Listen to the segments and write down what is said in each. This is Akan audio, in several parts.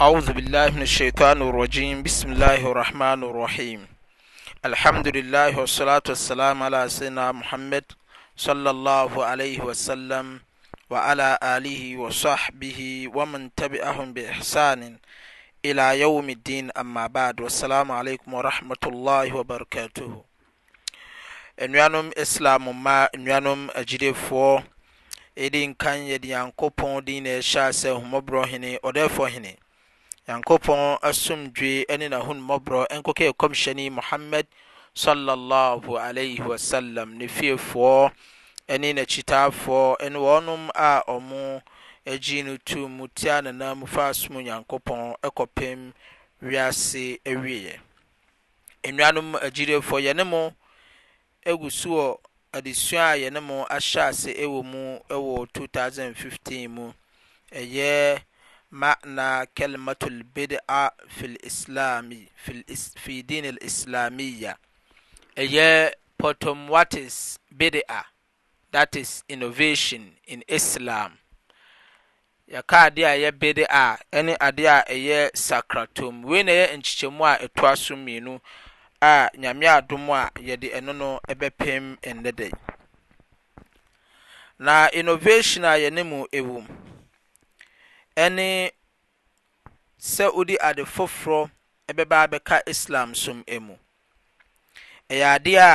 أعوذ بالله من الشيطان الرجيم بسم الله الرحمن الرحيم الحمد لله والصلاة والسلام على سيدنا محمد صلى الله عليه وسلم وعلى آله وصحبه ومن تبعهم بإحسان إلى يوم الدين أما بعد والسلام عليكم ورحمة الله وبركاته nnuanom islam ma nnuanom agyidefoɔ إدين كان يديان كوبون دين na ɛhyɛ sɛ nyankopɔn asomdwe ne mabro nkɔkɛ kɔmhyɛne muhammad sallallahu alaihi wasallam ne fiefoɔ ne n'akyitaafoɔ ne wɔnom a ɔmo agyi no tu mu tia nanam fa asom nyankopɔn kɔpem wiase awieɛ nnuanom agyirefoɔ yɛne mo egu so wɔ adesua a yɛne mo ahyɛ ase mu wɔ 2015 mu ɛyɛ mana celimato lbida fiismifi din alislamiia ɛyɛ potomwatis bidia that is innovation in islam yɛka adeɛ a yɛ bidea ne adeɛ a ɛyɛ sacratom weine yɛ nkyekyɛmu a ɛtoa so mmiinu a nyame adom a yɛde ɛno no bɛpem nnɛdɛn na innovation a yɛnemu wm ɛne sɛ wode ade foforɔ ɛbɛba abɛka islam som mu ɛyɛ adeɛ a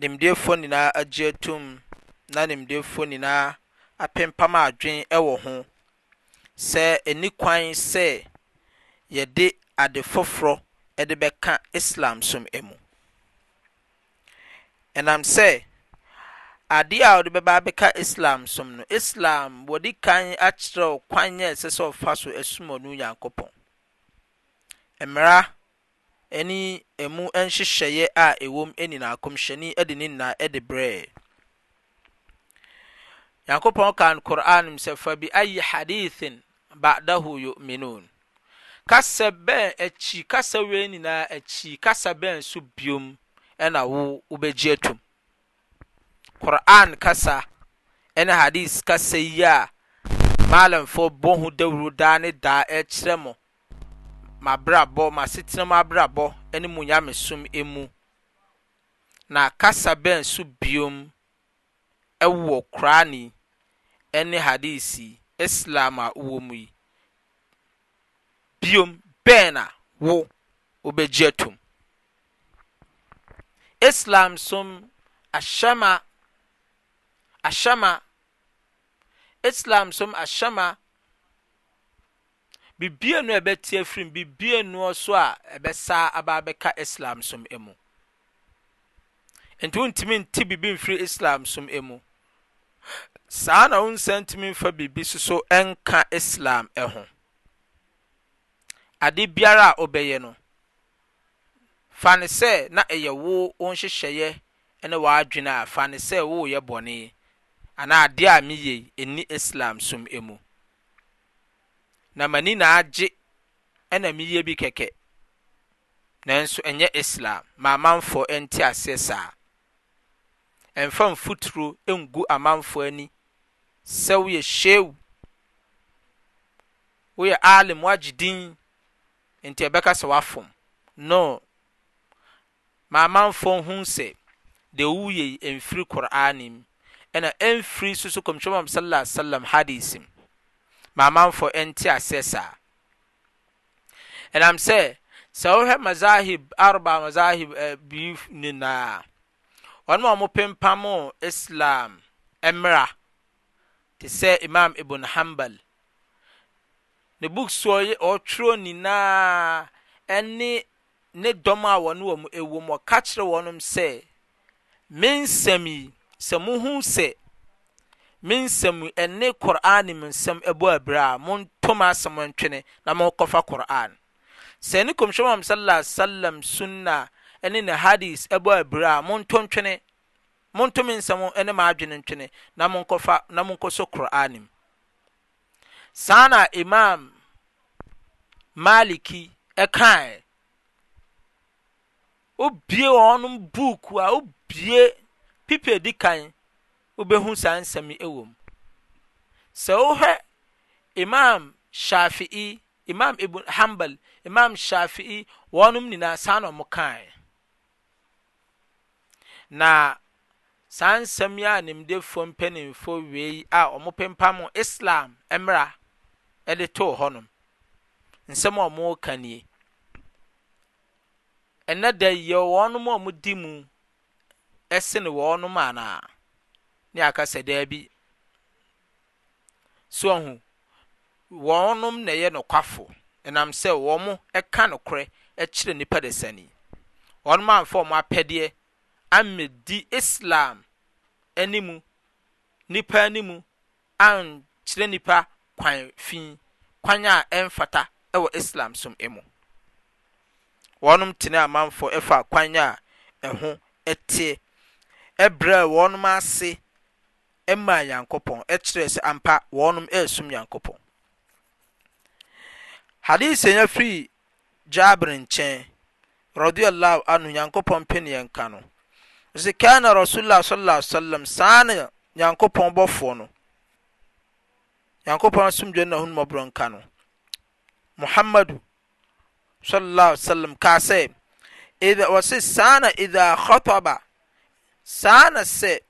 nimdeefoɔ nyinaa agye atom na nimdeefoɔ nyinaa apempam adwen ɛwɔ ho sɛ ɛni kwan sɛ yɛde ade foforɔ ɛde bɛka islam som mu ɛnam sɛ adeɛ a wɔde bɛba abɛka islam som no islam wɔde kan akyerɛ kwan a ɛsɛ sɛ ɔfa so asum ɔno nyankopɔn mmara ɛne ɛmu nhyehyɛeɛ a ɛwom nyinaa kɔmhyɛni de ne nyinaa de brɛɛ nyankopɔn kan qur'an mu sɛ fa bi ayi hadithin ba'dahu yu'minun kasa bɛn akyi kasa wei nyinaa akyi kasa bɛn so biom ɛna wo wobɛgye atom qur'an kasa ɛna hadis kasa yi a malamfoɔ bɔ ho dawuro daa ne daa ɛkyerɛ e mo mabrabɔ masetena mu abrabɔ ɛne mu nyamesom emu na kasa bɛn so biom ɛwɔ e qur'ani ɛne hadisi islam a wɔ mu yi biom bɛn na wo wobɛgye atom islam som ahyɛma ahyɛma islam som ahyɛma bibie no a ɛbɛte afiri mu bibie noɔ so a ɛbɛsa aba abɛka islam som mu nti wontumi nte biribi mfiri islam som mu saa na wo nsa ntumi mfa biribi soso ɛnka islam ho ade biara a wobɛyɛ no fa ne sɛ na ɛyɛ wo wo nhyehyɛeɛ ne w'adwene a fa ne sɛ woyɛ bɔne Ana adeɛ a meyɛ ɛni islam som mu na m'ani na agye ɛna meyɛ bi kɛkɛ nanso ɛnyɛ islam maamanfoɔ ɛnte aseɛ saa ɛmfa mfuturo ngu amanfoɔ ani sɛ woyɛ hyew woyɛ alim wagye din nti ɛbɛka sɛ wafom no maamanfoɔ ho sɛ deɛ woyɛ mfiri kor'anim ɛnaɛmfiri suso kɔmwoɔm salasalam hadis m maamanfɔ ɛnti aseɛ saa ɛnam sɛ sɛ wohwɛ mazahib arba mazahib b nyinaaa ɔnom ɔ mo pempa mo islam ɛmera te sɛ imam ibun hambal ne book sɔyɔtwerɛ nnyinaa ɛne ne dɔ m a wɔne wɔ mu ɛwom ɔka kyerɛ wɔnom sɛ mensami sɛ mohu sɛ mensɛm ɛne kor'an mu nsɛm ɛbɔ abere a montom asem ntwene na monkɔfa kɔran sɛ ne kɔmswɛ mam salalasaam sunna ne ne hadis ɛbɔ abere a moenemontom nsɛm ne ma adwene ntwene na monkɔ so kor'an mu saa na imam maliki ka obie ɔɔn buuku ao pipi di kan wobɛhu saa nsɛm yi wɔ m sɛ wo hɛ imam shafii imam ibn hambal imam shafii wɔnom nyinaa saa na ɔmo kaɛ na saa nsɛm yi animdefo mpɛnimfo wei a ɔmo pempamu islam mera de too hɔ nom nsɛm ɔmowɔkani ɛnɛ dayɛ wɔnom ɔmodi mu ɛsene wɔnom anaa ne akasa daabi so ɔho wɔnom na ɛyɛ nokwafo ɛnam sɛ wɔn mo ɛka nokorɛ ɛkyerɛ nipa desani wɔnom amfa wɔn apɛdeɛ di islam anim nipa anim ankyerɛ nipa kwan fi kwan a ɛmfata ɛwɔ islam som mu wɔnom tena amanfoɔ ɛfa kwan a ɛho ɛteɛ brɛ wɔnom ase maa nyankopɔn kyerɛsɛ ampaɔnm sum nyankopɔn hadise nya fri gabere nkyɛ ra nyankopɔn pniɛ nka no skana resulla sm saana nyankopɔn ɔfoɔ nonyankopɔ akaooa kasɛɔsesana idha ba saa na sɛ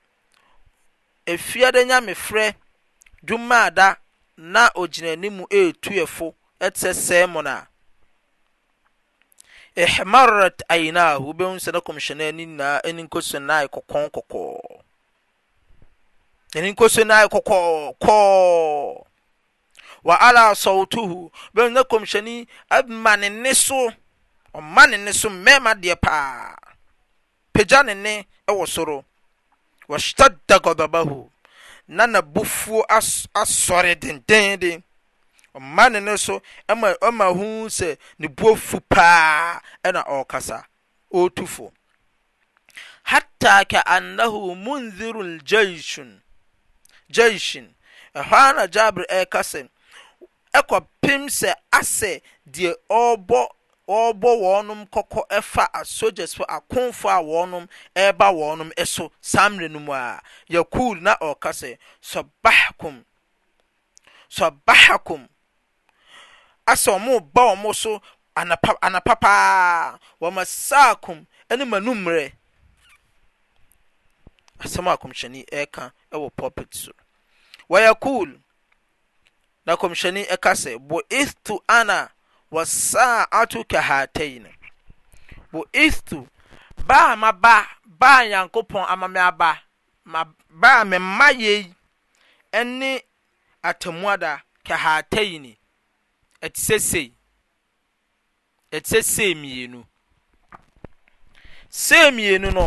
efiade nyamefrɛ dwumaada na ogyina anim etu ɛfo ɛte sɛmon a ihmarat ainahu wobɛhu sɛ na kɔmhyɛne ani nyinaa ɛni nkoso no ayɛ kɔkɔn kɔkɔɔ ɛni nkoso no ayɛ kɔkɔɔkɔɔ wa ala sawtuhu bɛhu na kɔmhyɛne ama ne nne so ɔma ne nne so mmɛɛma deɛ paa pagya ne nne wɔ soro washtadda gadabahu na n'abufuo as asɔre dendenden ɔma ne ne so ɛma ɔma hu sɛ ne buo fu paa ɛna ɔrekasa ɔretu fo hatta ka annahu munzirun jaishun jaishin ɛhɔ ara na jabir ɛrekasa ɛkɔpem sɛ asɛ deɛ ɔrebɔ wɔrebɔ wɔn kɔkɔ ɛfa asogyafoɔ akonfo a wɔn ɛreba wɔn so no mu a yakul na ɔreka sɛ sɔbahakum sɔbahakum asɛ wɔn ba wɔn so anapa paa wɔn asaakum ɛne asɛm a kɔmhyɛni ɛreka ɛwɔ pulpit so wɔyɛ cool na kɔmhyɛni ɛka sɛ bo wasaatu kahatain bo istu ba ma ba ba nyankopɔn ama me aba ma baa me mma yei ɛne atamuada kahatain ɛte sesei ɛte sɛ sei mmienu no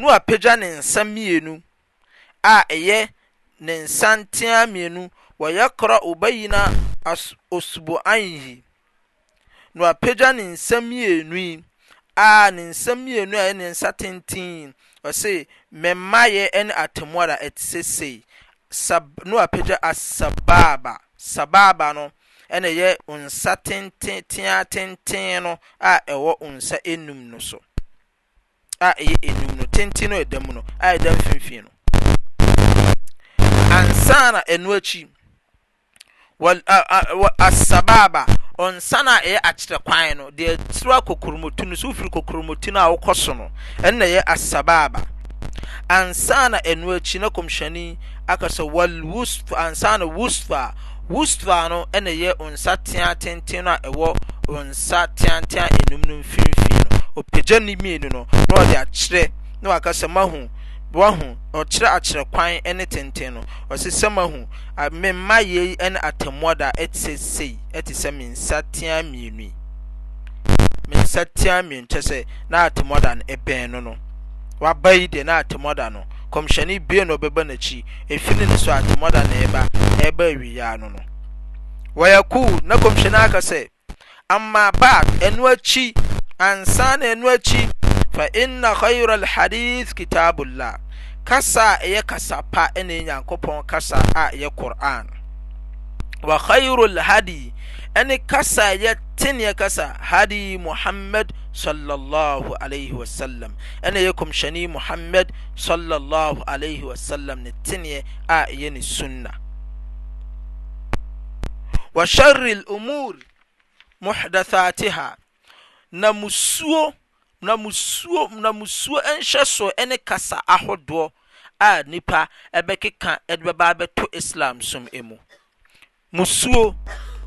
no apagya ne nsa mmienu a ɛyɛ ne nsa mienu, mmienu wɔyɛ korɔ obayina osubo anyi na wapagya ne nsa mmienu yi a ne nsa mmienu a ɛyɛ ne nsa tenten ɔse mɛmmayɛ ne atemmuada ɛte sesei sab na wapagya asabaaba sabaaba no ɛna ɛyɛ nsa tenten tea tenten no a ɛwɔ nsa enum no so a ɛyɛ enum no tenten no ɛda mu no a ɛda mfimfini no ansa na ɛno akyi asababa ɔnsa no a ɛyɛ e akyerɛ kwan no deɛ tiri akokoromotu no so wofiri kokoromotu no a wokɔ so no ɛnna ɛyɛ asababa ansa na ɛno akyi na kɔmhyɛni aka wal wusfa ansa na wusfa wusfa no ɛna ɛyɛ nsa teatenten no a ɛwɔ nsa teatea enum no mfimfini no opagya ne mmienu no na ɔde akyerɛ na waka mahu wahu ɔkyerɛ akyerɛ kwan ne tenten no ɔsi sɛm ahu mmaa yie ne atemmuo da ɛte sɛ sei ɛte sɛ me nsa tea mmienu yi me kyɛ sɛ na atemmuo da no ɛbɛn no no waba yi deɛ na atemmuo da no kɔmhyɛni bie na ɔbɛba n'akyi efiri ne so atemmuo da na ɛba ɛba awia no no wɔyɛ cool na kɔmhyɛni aka sɛ ama baat ɛnu akyi ansa na ɛnu akyi. fa inna khayral hadith kitabullah kasa ɛyɛ kasa pa ɛne nyankopɔn kasa a ɛyɛ qur'an wa khayrul hadi ɛne kasa ɛyɛ teneɛ kasa hadi muhammad sallallahu alaihi wasallam ɛne ɛyɛ kɔmhyɛne muhammad sallallahu alaihi wasallam ne teneɛ a ɛyɛ ne sunna wa sharril umur muhdathatiha na musuo na musuo na musuo nhyɛ so ne kasa ahodoɔ a nipa ɛbɛkeka ɛde bɛba abɛto islam som mu musuo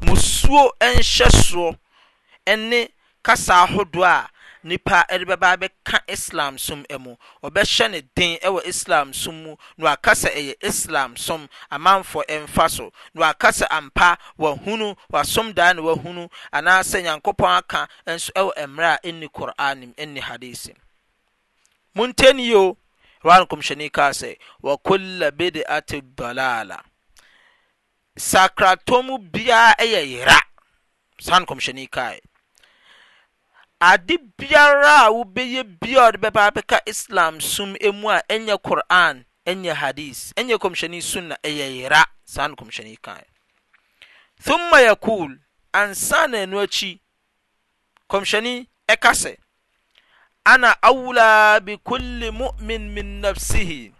musuo nhyɛ soɔ ne kasa ahodoɔ a nipa ɔrebɛbaa bɛka islam som amuɔbɛhyɛ ne den wɔ islam som mu noakasɛ ɛyɛ islam som amanfɔ mfa so noakasɛ ampawaunusodaa ne waunu anaasɛ nyankopɔn aka nso ɛwɔ merɛ a nni qor'ani m nni hadisimonioɛnka sɛ abediate balala sakratɔmu biara yɛ yeraaɛa ade biara a wobɛyɛ biaa de bɛbaa bɛka islam som mu a ɛyɛ quran ɛyɛ hadise ɛyɛ kɔmhyɛni so nna ɛyɛ yera saa ne kɔyɛne ka tumma yacul ansana ɛno akyi kɔmhyɛne ɛka sɛ ana aa bekule mumen men nafsehi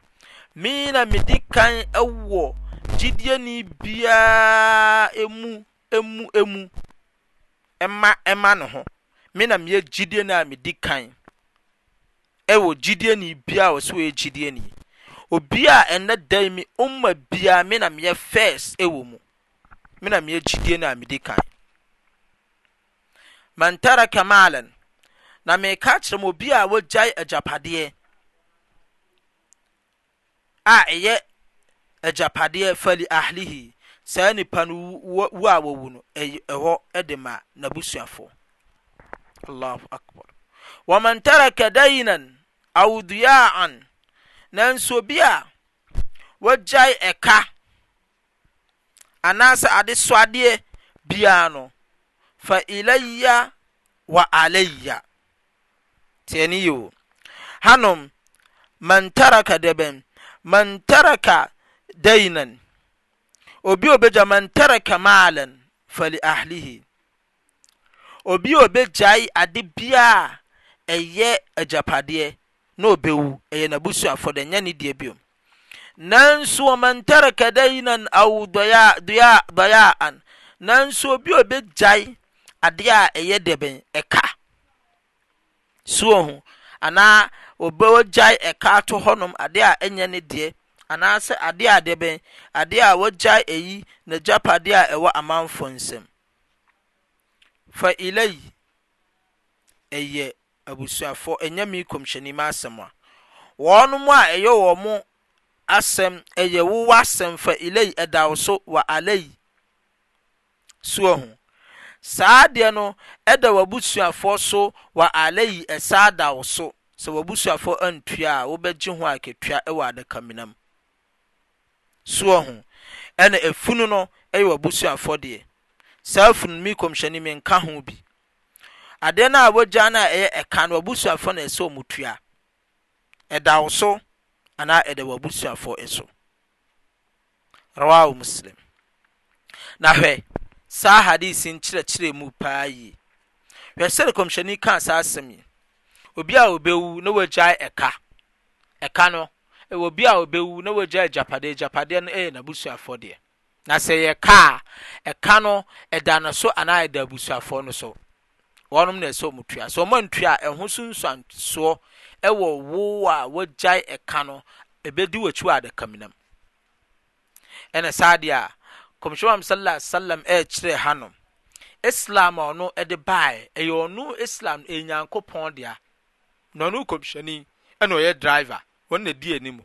meyina medi kan wɔ gyideeni biaa mmu ma ne ho me na meɛ gyidie no a medi kan wɔ gyidieni biaa ɔ sɛɔyɛ gyidiɛni obi a ɛna dan me oma biaa me na meɛ firs wɔ mu menamgyidien medi kan mantaracamalan na meka kyerɛ mu obi a wɔgyae agyapadeɛ a ɛyɛ agyapadeɛ faliahlihi saa nnipa no wu awɔwu n hɔ de manbuaf lhwaman taraka dainan au diyaan nanso bia wa jyai ɛka anasa ade sadeɛ bia nɔ fa ilaya wa alayya tianiy hanu ma dman taraka dainan obi beja man taraka maalan fa liahlihi obi a obegyae ade a ɛyɛ agyapadeɛ na obewu ɛyɛ n'abusuafoɔ dɛ nyɛ ne deɛ biom nanso wɔn ntaraka na awu dɔya dɔya dɔya an nanso obi a obegyae adeɛ a ɛyɛ dɛbɛn ɛka soɔ ho anaa obegyae ɛka ato hɔnom ade a ɛnyɛ ne deɛ anaasɛ ade a dɛbɛn adeɛ a wɔgyae ɛyi n'agyapadeɛ a ɛwɔ amanfoɔ nsam fa ilai ɛyɛ abusuafo ɛnyɛ me kɔmhyɛni ma asɛm a wɔn mu a ɛyɛ wɔn asɛm ɛyɛ wowɔ asɛm fa ilai ɛda wo so wɔ alai soɔ ho saa deɛ no ɛda wabusuafo so wɔ alai ɛsaa da wo so sɛ w'abusuafoɔ antua a wobɛgye ho akatua ɛwɔ adakaminam soɔ ho ɛna efunu no ɛyɛ wabusuafo deɛ saa funumi mi kɔmhyɛni mi nka ho bi adeɛ no a wɔgya no a ɛyɛ ɛka no abusuafoɔ na ɛsɛ ɔmo tua ɛda wo so anaa ɛda wɔ abusuafoɔ so rawahu muslim na hwɛ saa hadisi nkyerɛkyerɛ mu paa yie hwɛ sɛ kɔmhyɛni ka saa asɛm yi obi a obewu na wɔgyae ɛka ɛka no ɛwɔ obi a obewu na wɔgyae agyapadeɛ gyapadeɛ no ɛyɛ n'abusuafoɔ deɛ na sɛ yɛ ka a ɛka no ɛda no so anaa ɛda abusuafoɔ no so ɔnom na ɛsɛmta sɛ ɔma ntuaa ɛho sunsuansoɔ wɔ woo a wɔagyae ɛka no bɛdi wakyiw adakaminam ɛne saadeɛ a cɔmhiɛam salasalam ɛkyerɛ hano islam a ɔno de baɛ ɛyɛ ɔno islam nyankopɔn dea naɔno kɔmhɛni ɛna ɔyɛ driver ɔnna dinimu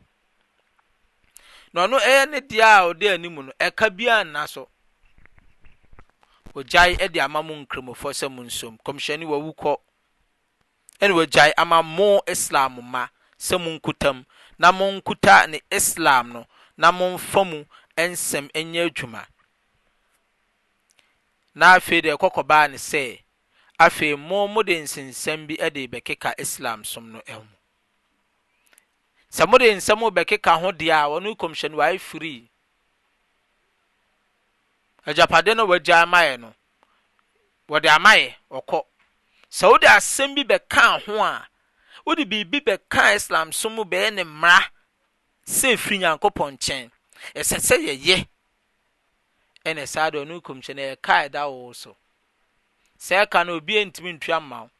nɔno ɛyɛ ne deɛ a ɔ de animu no ɛka bia nna so wɔgyae ɛde ama mo nkramofɔ sɛ mo nsom kɔmhyɛ ne wɔawu kɔ ne wɔgyae ama mo islam m ma sɛ mo nkutam na monkuta ne islam no na momfa mu nsɛm ɛnyɛ adwuma na afei de ɛkɔkɔbaa ne sɛ afei mo mode nsensɛm bi de bɛkeka islam som no mu sɛ mode nsɛm bɛkeka ho deɛ a wɔne kɔmhyɛn wae firii agyapade no wɔagya amaeɛ no wɔde amaeɛ ɔkɔ sɛ wode asɛm bi bɛkaa ho a wode biribi bɛkaa islam so mu bɛyɛ ne mmara sɛ ɛfiri nyankopɔn nkyɛn ɛsɛ sɛ yɛyɛ ɛnɛ saa deɛ ɔne kɔmhyɛ no ɛda wo so sɛ ɛka no obi ntumi ntua mma wo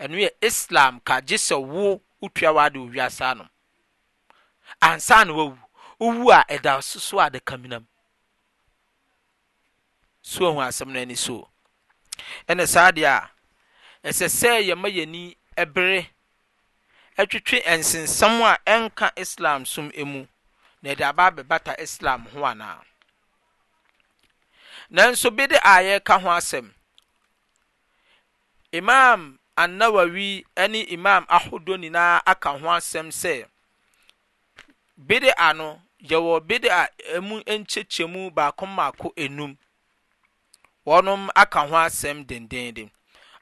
ɛno yɛ islam ka gye sɛ wo wotua wade owiasa no ansaane wowu wowu a ɛda soso adaka minamsohu asm oanis ɛne saa deɛ a ɛsɛ sɛ yɛma yɛni bere twitwe nsensɛm a ɛnka islam som mu na ɛde abaabɛbata islam ho anoa nanso bide ayɛka ho asɛm imam anawawi ne imam ahodɔɔ nyinaa aka ho asɛm sɛ bidi bid'a no yɛwɔ bid'a emu nkyɛkyɛmu baako mmaako enum wɔnom aka ho asɛm dendenden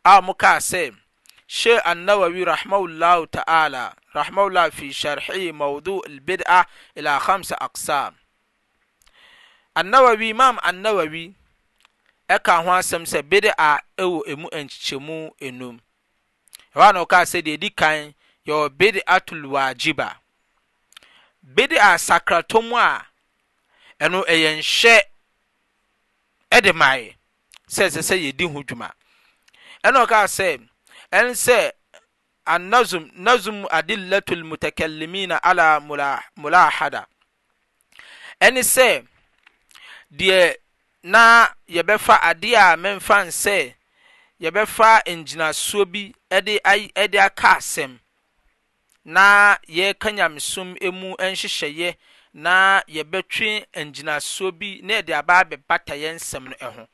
a muka sɛ shay annawawi rahmaulahu ta'ala rahmaulahu fi sharhi mawdu albid'a ila khamsa aqsam annawawi imam annawawi ɛka ho asɛm sɛ bid'a ɛwɔ emu nkyɛkyɛmu enum ɛwɔ a na ɔka sɛ deɛ di kan yɛwɔ bid'atul wajiba bid'a sakratɔm a ɛno ɛyɛ nhyɛ ɛde maayɛ sɛ ɛsɛ sɛ yɛdi ho dwuma ɛna ɔkaa sɛ ɛn sɛ annazum nazum adillatul mutakallimina ala mulahada ɛne sɛ deɛ na yɛbɛfa adeɛ a memfa nsɛ yɛbɛfa ngyinasoɔ bi ɛde aka asɛm na yɛka nyamesom mu nhyehyɛeɛ na yɛbɛtwe ngyinasoɔ bi na yɛde aba abɛbata yɛn nsɛm no ho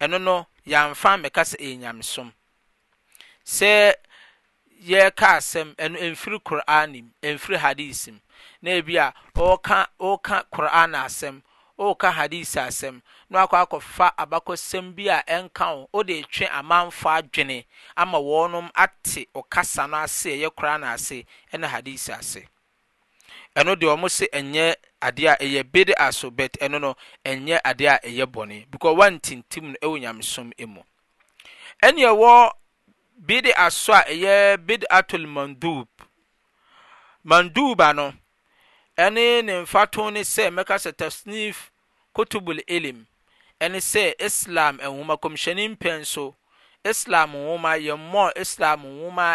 ɛno no yɛamfa mmɛka sɛ ɛyɛ nyamesom sɛ yɛka asɛm ɛno mfiri qur'an mu mfiri hadis mu na ebi a ɔreka asɛm ɔreka hadisi asɛm na wakɔ akɔfa abakɔsɛm bi a ɛnka wo wode etwe amanfo adwene ama wɔnom ate ɔkasa no ase ɛyɛ koraa na ase ɛna hadisi ase ɛno deɛ ɔmo se ɛnyɛ adeɛ a ɛyɛ bede aso bet ɛno no ɛnyɛ adeɛ a ɛyɛ bɔne because wantintim no ɛwɔ nyamesom mu ɛne ɛwɔ bede aso a ɛyɛ bede atol mandub manduba ano. ɛne ne mfato ne sɛ mɛka sɛ tasnif kotubul ilim ɛne sɛ islam nwoma kɔmhyɛne mpɛn so islam nwoma yɛmmɔ islam nwoma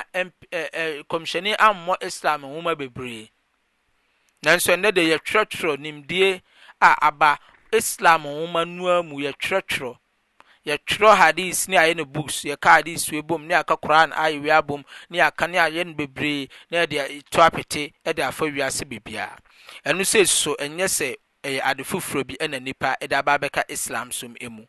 kɔmhyɛne ammɔ islam nwoma bebree nanso ɛnɛ de yɛtwerɛtwerɛ nimdie a aba islam nwoma nua mu yɛtwerɛtwerɛ yɛtwerɛ hadis ne ayɛ no books yɛka hadis wei bom ne aka koran ayɛ wei abom ne aka ne ayɛ no bebree na yɛde to apete de afa wiase bebiara ɛno sɛ so ɛnyɛ sɛ ɛyɛ ade foforɔ bi ɛna nipa ɛde aba abɛka islam som mu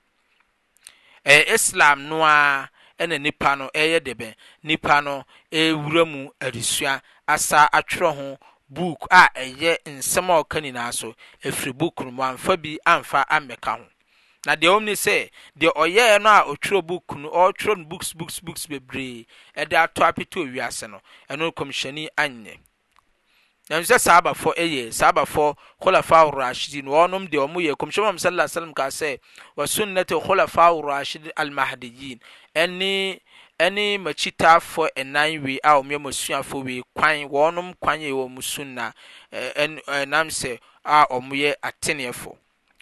ɛyɛ islam noa a ɛna nipa no ɛyɛ de nipa no ɛwura mu adesua asa atwerɛ ho book a ɛyɛ nsɛm a ɔka nyinaa so ɛfiri book no mu amfa bi amfa amɛka ho na deɛ wɔn ni sɛ deɛ ɔyɛɛ no a ɔtwerɛ book no ɔtwerɛ no books books books bebree ɛde ato apete owiase no ɛno kɔmhyɛni anyɛ nsɛ saabafɔ yɛ saabafɔ kulafa rrashedine wɔnom de ɔmyɛ komhyɛ saa salam ka sɛ wasunnati kɔlafa rashidin almahdiyin ne makyitaafɔ ɛnan we a ɔmyɛmasuafo wei kwan wɔnom kwanwɔm suna ɛnamsɛ a ɔmoyɛ ateneɛfo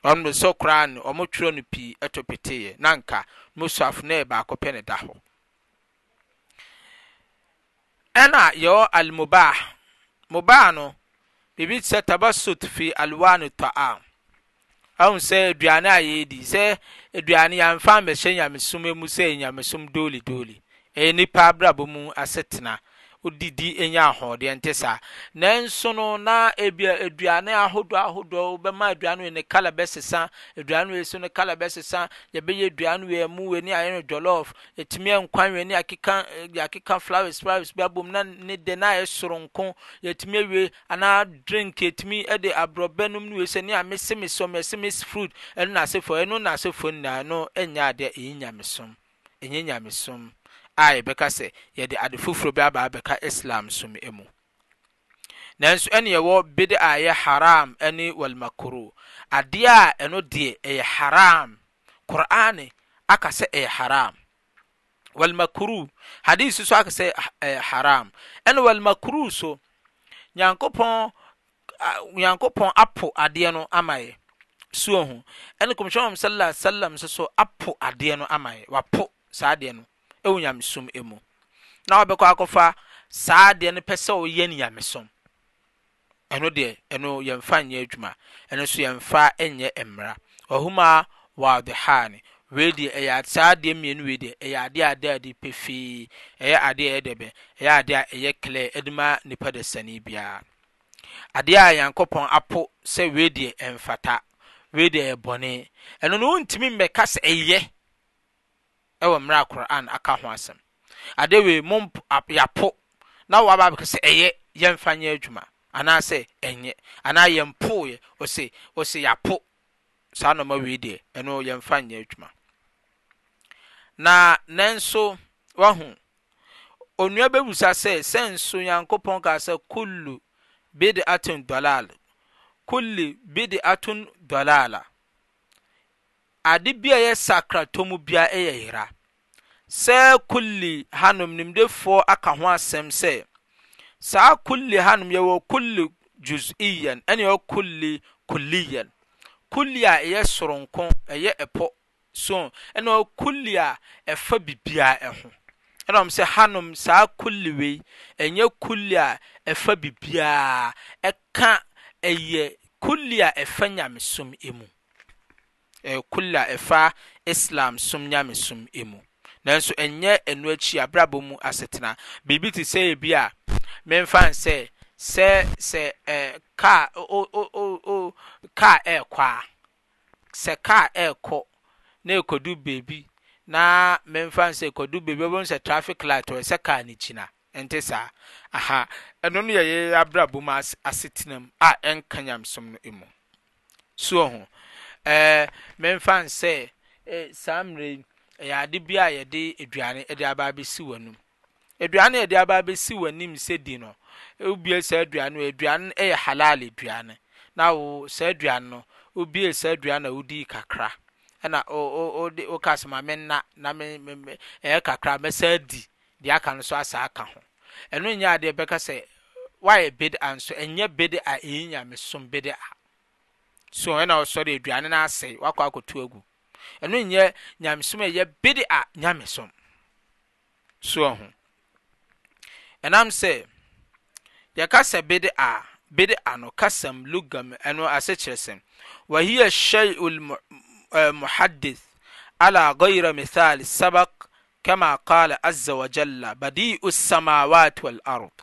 ɔnso korane ɔmo turono pii tɔpete nanka musuafo na baakɔ pɛne da hɔ ɛna yɛɔ almubah mobaa no biribi sɛ tabasot fi alwano taa. ahun sɛ aduane a yɛredi sɛ aduane yɛamfa mmɛhyɛ nyamesom mu sɛ nyamesom dooli dooli ɛyɛ nipa abrabɔ mu asetena wodidi nya ahoɔden nte saa nanso no na ebi aduane ahodoɔ ahodoɔ bɛma aduane wei ne kala bɛsesa aduane wei so ne kala bɛsesa yɛbɛyɛ aduane wei mu wei ne ayɛ no jollof yɛtumi nkwan wei ne akeka yɛakeka eh, flowers flowers bi abom na ne de na ayɛ soronko yɛtumi awie anaa drink yɛtumi de aborɔbɛ nom no wei sɛ ne a me sɔm yɛse me fruit ɛno n'asefo ɛno n'asefo nyinaa no nyɛ adeɛ ɛyɛ nyamesom ɛnyɛ nyamesom ayɛbɛka sɛ yɛde ade fuforo bi abaabɛka islam som mu nanso ɛneɛwɔ bide aɛyɛ haram ne walmacroo adeɛ a ɛno deɛ yɛ haram korane aka sɛ ɛyɛ haram walmakroo hadie s s akasɛ yɛ haram ɛne wlmakroo so nyankopɔn apo adeɛ no amaɛ suoh ne komhyri sm ss apo adeɛ no amapsade ɛwɔ nyamesom mu na wɔbɛkɔ akɔfa saa adeɛ no pɛ sɛ ɔyɛ ne nyamesom ɛno deɛ ɛno yɛmfa nyɛ adwuma ɛno nso yɛmfa nyɛ mmara ɔhoma wɔadehaa ne wei deɛ ɛyɛ saa adeɛ mmienu wei deɛ ɛyɛ adeɛ a adaade pefee ɛyɛ adeɛ a ɛyɛ dɛbɛ ɛyɛ adeɛ a ɛyɛ klɛ ɛde ma nipa da sani biara adeɛ a yankɔpɔn apo sɛ wei deɛ ɛmfata wei deɛ ɛyɛ ɛno no wontumi mmɛka sɛ ɛyɛ ɛwɔ mmerɛ a koran aka ho asɛm ade wei mo yɛapo na wɔaba abɛka sɛ ɛyɛ yɛmfa nyɛ adwuma anaasɛ ɛnyɛ anaa yɛmpoeɛ ɔse ɔse yɛapo saa nnɔma wei deɛ ɛno yɛmfa nyɛ adwuma na nanso wahu onua bɛbusa sɛ sɛ nso nyankopɔn kaa sɛ kullu bid'atun dalal kulli bid'atun dalala ade bia yɛ sakratɔmu bia ɛyɛ yera sɛ kuly hanom nimdefoɔ aka ho asɛm sɛ saa kuly hanom yɛwɔ kuly juseɛn ɛneɛ ɔkuly kuliyɛn kuli a ɛyɛ soronko ɛyɛ ɛpɔ so ɛne wɔ kuly a ɛfa bibiaa ɛho ɛnɔm sɛ hanom saa kulywei ɛyɛ kuly a ɛfa bibiaa ɛka ɛyɛ kuli a ɛfa nyamesom ymu Kula ɛfa islam som nyame som mu nanso ɛnyɛ ɛno akyi abrabɔ mu asetena biribi te sɛ ebi a memfa sɛ sɛ sɛ ɛɛ kaa o o o o kaa ɛɛkɔ a sɛ kaa ɛɛkɔ na ekodu beebi na memfa sɛ ekodu beebi ɔbɛn sɛ traffic light wɔ sɛ kaa ne gyina nte saa aha ɛno no yɛ yɛ abrabɔ mu asetena mu a ɛnka nyamsom no mu soɔ ho. ɛɛ eh, mɛmfa nsɛ ɛ eh, saa mmerɛ ɛyɛ ade bi a yɛde aduane ɛde aba abɛsi wɔn anim aduane a yɛde aba abɛsi wɔn anim sɛ di no ebie saa aduane aduane ɛyɛ halal aduane na wo saa aduane no obie saa aduane na wodi kakra ɛna o o o de o ka sɛ maame nna na me me me ɛyɛ kakra mɛsa di deɛ aka no so asa aka ho ɛno nyɛ adeɛ bɛka sɛ wayɛ bid a nso ɛnyɛ bid a ɛyi nyame som bid a. ɛna sɔre aduane na as kɔ kɔgu ɛnoyamso y ea yamesom s ɛnasɛ yakas aarɛsm wahiy sh muhadits la ara mihal sabak kama a zawjaa badie samawat walard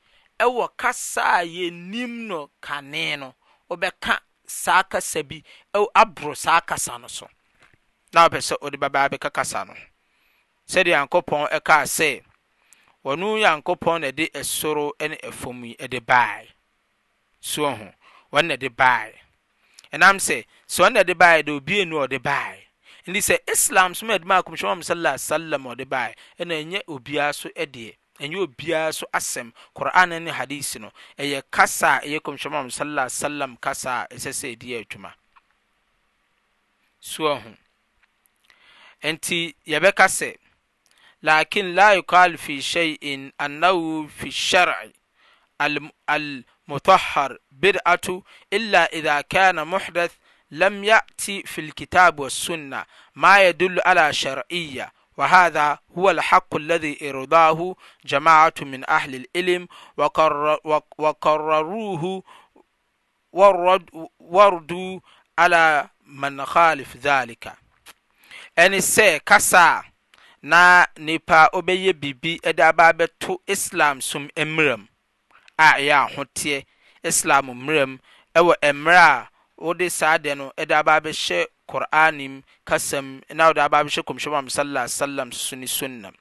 ɛwɔ kasaa yɛnim no kane no obɛka saa kasa bi aborɔ saa kasa no so na wɔpɛ sɛ ode babaa bi ka kasa no sɛdeɛ nyankopɔn ɛkaa sɛ ɔno nyankopɔn na ɛde ɛsoro ne afom yi de baɛ sooh ɔna de baɛ ɛnam sɛ sɛ ɔnna de bai dɛ obi nu ɔde baɛ nti sɛ islam somaadim akomh sa salam ɔde ba na nya obiaa so deɛ ɛnyɛ obiara so asɛm koran ne hadisi no ɛyɛ kasa a ɛyɛ kɔmhyɛm am sallallahu alaihi wasallam kasa a ɛsɛ sɛ ɛdi adwuma so ho nti yɛbɛka sɛ lakin la yuqal fi shay'in annahu fi shar'i al, al mutahhar المطهر بدعة إلا إذا كان محدث لم يأتي في wa sunnah ma yadullu ala shar'iyyah وهذا هو الحق الذي ارضاه جماعة من أهل العلم وقرروه وردوا على man khalif dhalika ɛne sɛ kasa na nipa obɛyɛ bibi ɛde aba abɛto islam som mmerɛm a ɛyɛ ahoteɛ islam mmerɛm ɛwɔ mmerɛ a wode saa deɛ no ɛde aba abɛhyɛ qur'anim kasam na wode aba abɛhyɛ kɔmhyɛm am sallallahu alaihi wasallam so ne sunna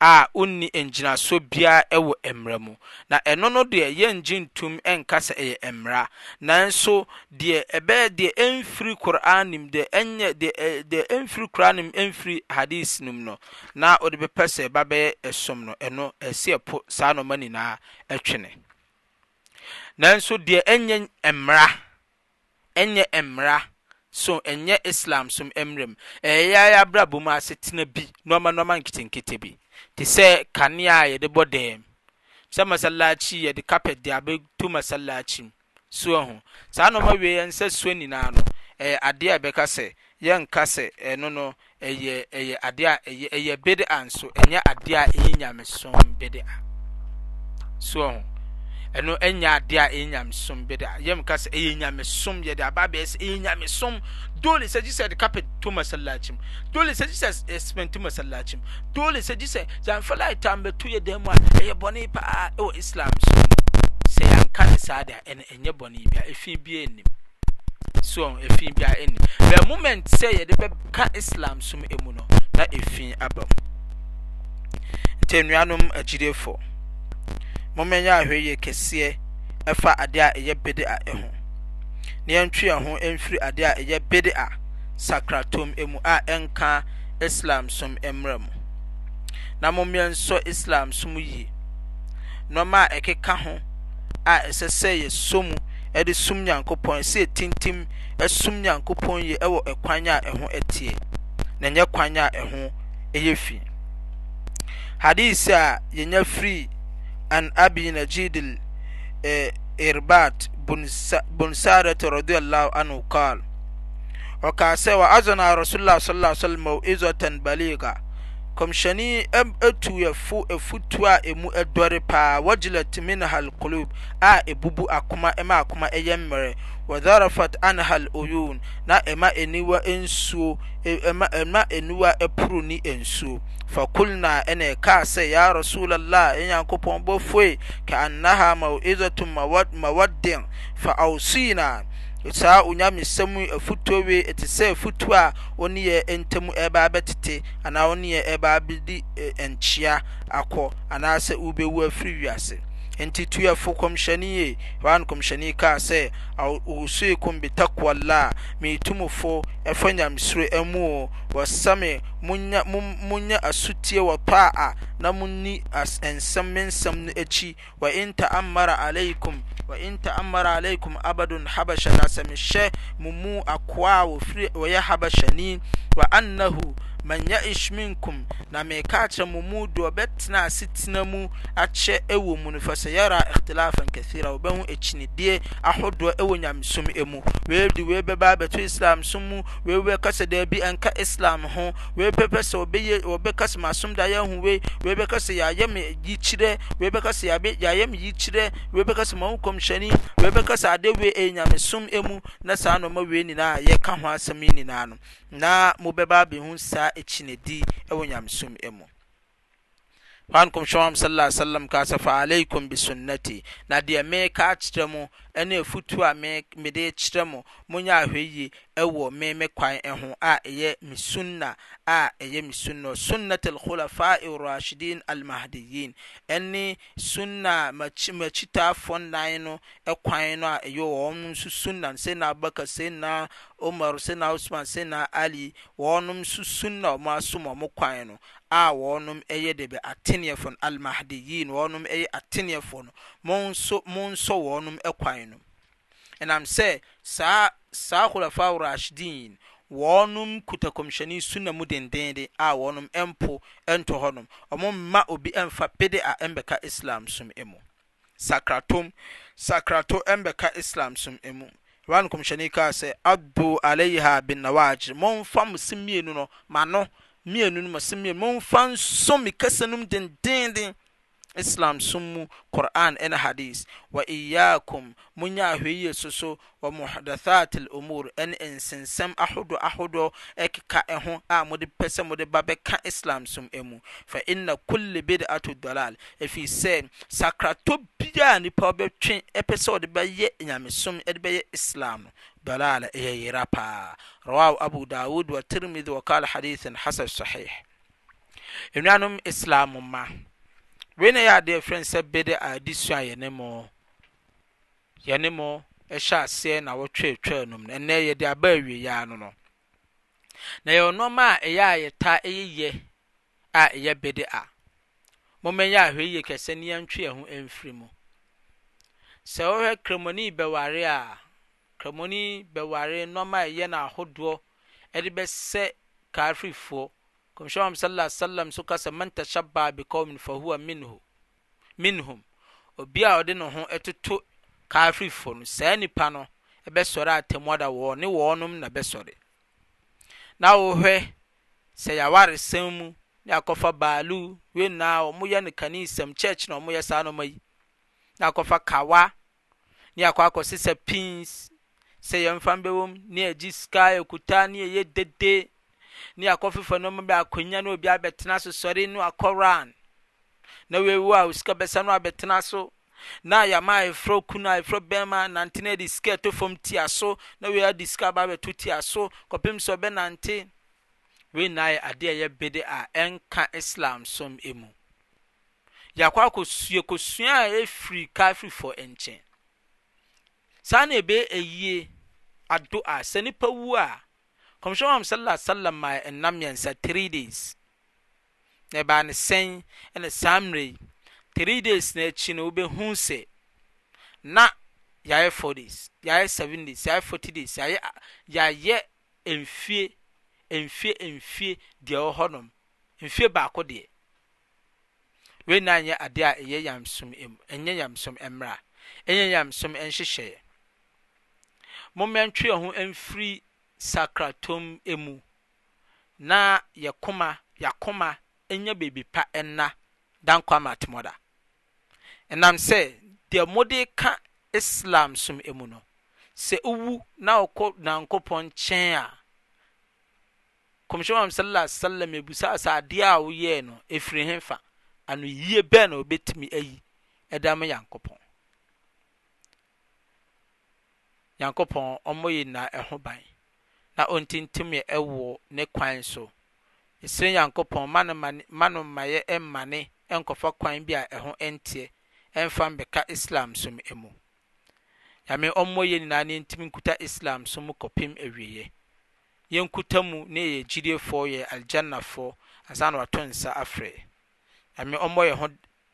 a onni ngyinaso biara ɛwɔ mmerɛ mu na ɛno no deɛ yɛngye ntum ɛnka sɛ ɛyɛ mmara nanso deɛ ɛbɛyɛ deɛ ɛmfiri qur'anim deɛ ɛnyɛ deɛ deɛ ɛmfiri qur'anim ɛmfiri hadis nim no na wode bɛpɛ sɛ ɛba bɛyɛ ɛsom no ɛno ɛsi ɛpo saa nɔma nyinaa ɛtwene nanso deɛ ɛnyɛ mmara ɛnyɛ mmera so ɛnyɛ islam som merɛmu ɛɛyɛayɛ berabomu ase tena bi nɔmanɔma nketekete bi nti sɛ kaneɛ a yɛde bɔ deɛm sɛ masalachi yɛde kape de ab to masalachi m suoh saa nnoma wiei yɛ sɛ sua nnyinaa no ɛyɛ adea ɛbɛka sɛ yɛnka sɛ ɛno no eyɛ bede anso ɛyɛ adeɛ a ɛyi nyame som bede a soh ɛno ɛnya adeɛ a ɛyɛ nyamesom bɛde yɛm ka sɛ ɛyɛ nyamesom yɛde aba bɛyɛ sɛ ɛyɛ nyamesom dole sɛ gye sɛ de kapɛ to masallachim dole sɛ gye sɛ ɛsmɛnti masallachim dole sɛ gye sɛ yɛamfa laitam bɛto yɛ dan a ɛyɛ bɔne paa ɛwɔ islam so mu sɛ yɛanka ne saa de a ɛno ɛnyɛ bɔne bia ɛfi e e bia nnim so ɛfi bia nnim bɛ moment sɛ yɛde bɛka islam som mu no na ɛfi e aba mu nti agyidefoɔ mommɛnyɛ ahwɛyie kɛseɛ ɛfa adeɛ a ɛyɛ bede a ɛho na yɛntwe yɛn ho mfiri adeɛ a ɛyɛ bede a sakratom mu a ɛnka islam som mmerɛ mu na mommɛ islam som yie nneɛma a ɛkeka ho a ɛsɛ sɛ yɛsɔ mu ɛde sum nyankopɔn ɛsɛ tintim ɛsum nyankopɔn yie ɛwɔ ɛkwan a ɛho ɛteɛ na nyɛ kwan a ɛho ɛyɛ fi hadisi a yɛnya firi عن أبي نجيد الإربات آه، بن سارة رضي الله عنه قال وكاسي وأذن رسول الله صلى الله عليه وسلم موئزة بليغة kɔmhyɛni atu ɛfo ɛfutuo a emu ɛdɔre paa wɔgyilat min hal kulub a ebubu akoma ɛma akoma ɛyɛ mmerɛ wɔdharafat an hal oyun na ɛma aniwa nsuo e, ɛma ɛma aniwa ɛpuru ni nsuo fakulna ɛna ɛkaa sɛ ya rasulallah ɛnyankopɔn bɔfoe ka annaha maw'izatum mawadden fa ausina saa onyame sɛm afutuo we ɛte sɛ afutuo a ɔne yɛ ntam ɛbaa bɛtete anaa ɔne yɛ ɛba abɛdi nkyia akɔ anaasɛ wobɛwu afiri wiase nti tuyɛfo kɔmhyɛne ye wan kɔmhyɛne kaa sɛ ɔsue kɔm bitakwalla meetumfo ɛfa nyamesuro amu o wɔsame monya asutie wɔ tɔ a na monni nsɛm me nsɛm no akyi wa inta amara alaikum وإن تأمر عليكم أبد حبشا ناسم الشيء ممو أقوى وفري ويا حبشني وأنه man ya'ish minkum na meka akyerɛ mo mu deɛ ɔbɛtena ase tena mu akyɛ ɛwɔ mu no fa sɛ yɛra ikhtilafan kathira wɔbɛhu akyinideɛ ahodoɔ ɛwɔ nyamesom mu wei de wei bɛba abɛto islam so mu wei bɛkasa daabi ɛnka islam ho wei pɛpɛ sɛ wɔbɛyɛ wɔbɛkasa masom da yɛho wei wei bɛkasa yɛayɛ me yi kyerɛ wei bɛkasa yɛayɛ me yi kyerɛ wei bɛkasa ma wo kɔmhyɛni wei bɛkasa ade wei ɛyɛ nyamesom mu na saa nɔma wei nyinaa yɛka ho asɛm yi nyinaa no na mobɛba abɛhu saa ɛkyi ne di wɔ nyamesoome mu kwan kum kɔmhyɛn sallallahu alaihi wasallam ka sɛ fa aleikum bi sunnati na deɛ meka akyerɛ mu ɛne efutu a me mede kyerɛ mu monyɛ ahwɛ yie ɛwɔ me kwan ɛho a ɛyɛ mi sunna a ɛyɛ mi sunna sunnat al-khulafa ar-rashidin al-mahdiyyin ɛne sunna fon nine no ɛkwan no a ɛyɛ wɔn nso sunna sɛ na abaka sɛ na umar sɛ na usman sɛ na ali wɔn nso sunna wɔn asom wɔn kwan no awɔnom ɛyɛ de bɛ ateniɛfɔn almahdiyin wɔnom ɛyɛ ateniɛfɔ no monsɔ wɔɔ nom kwan no ɛnam sɛ saa hrafa rashdin wɔɔnom kutakmyɛne su na mu denden de a wɔnom po ntɔ hɔ nom ɔmoma obi mfa pede a mɛka islam som mu sakrato mɛka islam som mu kyane ka sɛ ado alaiha binnowager momfa m smienu nano mmienu no mu ɔsɛ mmienu momfa nso me kasa no mu dendenden islamsom mu kuran ne hadis wa iyakum monya ahweie soso wa muhdatsat alumur ne nsensɛm ahodɔ ahodɔ keka ho a mode pɛ sɛ mode ba bɛka islam som mu fa in kule bidat dolal ɛfiri sɛ sakratɔ biaa nnipa bɛtwe pɛ sɛ ode bɛyɛ nyamesom de bɛyɛ islam dolala ɛyɛ yera paa rawa abu dawod watirmihi kae hadithan hasan sahi wei na yɛ adeɛ frɛ n sɛ bede a adi so a yɛne mo yɛne mo ɛhyɛ aseɛ na wɔtwɛtwɛɛ nom no ɛnɛ yɛde aba awie yɛ ano no na yɛwɔ nneɛma a ɛyɛ a yɛta ɛyɛ yɛ a ɛyɛ bede a mɔmɛnyɛ ahwɛ yie kɛse ne yɛntwe yɛn ho mfiri mu sɛ wɔhwɛ kremoni bɛware a kremoni bɛware nneɛma a ɛyɛ no ahodoɔ ɛde bɛsɛ kaafrifoɔ kɔmhyɛn sallallahu Sallah Sallam so kasa man tashabba bi qaumin fa minhu minhum obi e e a ɔde ne ho ɛtoto kafirifo no saa nipa no ɛbɛsɔre atɛmɔda wɔ ne wɔnom na bɛsɔre na wohwɛ sɛ yɛaware sɛm mu ne akɔfa baalu wei nyinaa wɔyɛ no kanisɛm church na wɔyɛ saa nɔma yi ne akɔfa kawa ne akɔ akɔsesa pins sɛ yɛmfa mbɛwom ne agyi sika ɛkuta ne ɛyɛ dede ne akɔfefa no ɔmo bɛ akonnwa no obi abɛtena so sɔre no akɔ ran na wewu a osika bɛsa no abɛtena so na yama a efrɛ kunu a efrɛ bɛrima nante na de sika ɛto fam ti aso na wei adi sika aba abɛto ti aso kɔpem sɛ ɔbɛnante wei na ayɛ adeɛ a ɛyɛ bede a ɛnka islam som emu yɛakɔ akɔsua kɔsua a ɛfiri kafrifo nkyɛn saa na ebe eyie ado a sɛ nipa wu a kɔmhyɛ wɔn sallallahu alaihi wasallam ma ɛnam mmiɛnsa three days na ɛbaa ne sɛn ɛna saa mmerɛ yi three days na akyi no wobɛhu sɛ na yɛayɛ four days yɛayɛ seven days yɛayɛ forty days yɛayɛ yɛayɛ mfie mfie mfie deɛ ɛwɔ hɔnom mfie baako deɛ wei na nyɛ adeɛ a ɛyɛ yamsom emu ɛnyɛ yamsom mmerɛ ɛnyɛ yamsom nhyehyɛeɛ mommɛntwe ho mfiri sakratom emu na yɛkoma yɛakoma nya baabi pa ɛnna dankwa matemɔda ɛnam sɛ deɛ mode ka islam som emu no sɛ owu na ɔkɔ nankopɔn nkyɛn a kɔmhyɛ mam sala salam ebusa sɛ adeɛ a woyɛɛ no ɛfiri he fa ano yie bɛɛ na obɛtumi ayi ɛda ma nyankopɔn nyankopɔn ɔmmɔ yi na ɛho ban na ɔntintim yɛ ɛwɔ ne kwan so ɛsere nyankopɔn ma no mmayɛ ɛmmane ɛnkɔfa kwan bi a ɛho ɛnteɛ ɛmfa mbɛka islam som mu nyame ɔmmɔ yɛ nyinaa ne ntimi nkuta islam so mu kɔpem awieɛ yɛnkuta mu ne yɛ gyidiefoɔ yɛ aljannafoɔ ansa na wato nsa afrɛ nyame ɔmmɔ yɛ ho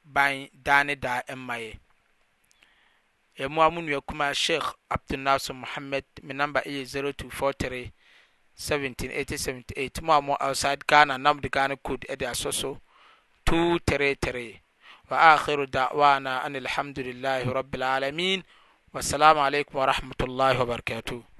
ban daa ne daa ɛmma yɛ e moamun wa kuma cheikh abdounafsir muhammad mi namba eyi 02 43 7 1878 moamu ausaid gana nawde gana kude ede a sosso 2tretre wa akhiru dawana an ilhamdulilahi rabilalamin wasalamu aleykum warahmatullahi wa barakatuh